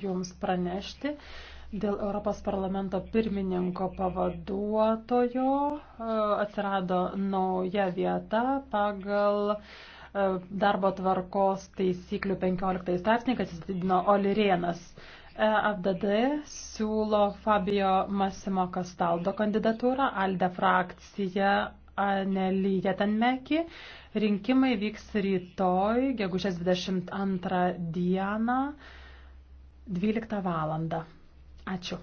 Jums pranešti dėl Europos parlamento pirmininko pavaduotojo e, atsirado nauja vieta pagal e, darbo tvarkos taisyklių 15 straipsnį, kas įsididino Olirienas. EFDD siūlo Fabio Massimo Castaldo kandidatūrą, Alde frakcija Anelyje Tanmeki. Rinkimai vyks rytoj, gegužės 22 dieną. 12 valandą. Ačiū.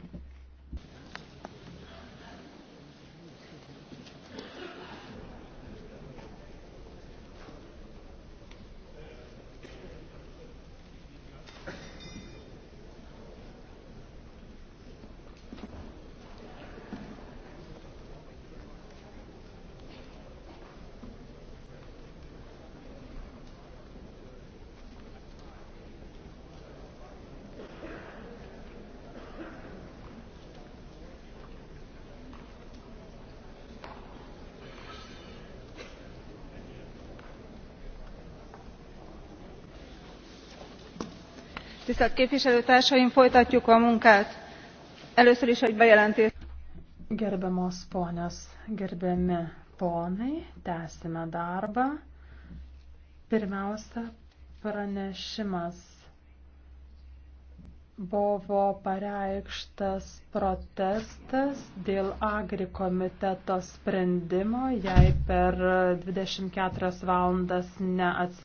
tisztelt képviselőtársaim folytatjuk a munkát. először is egy bejelentés. gerbiamos ponios gerbiami ponai tęsime darbą. pirmiausia pranešimas buvo pareikštas protestas dėl agri komiteto sprendimo, jei per 24 valandas neatsitiks.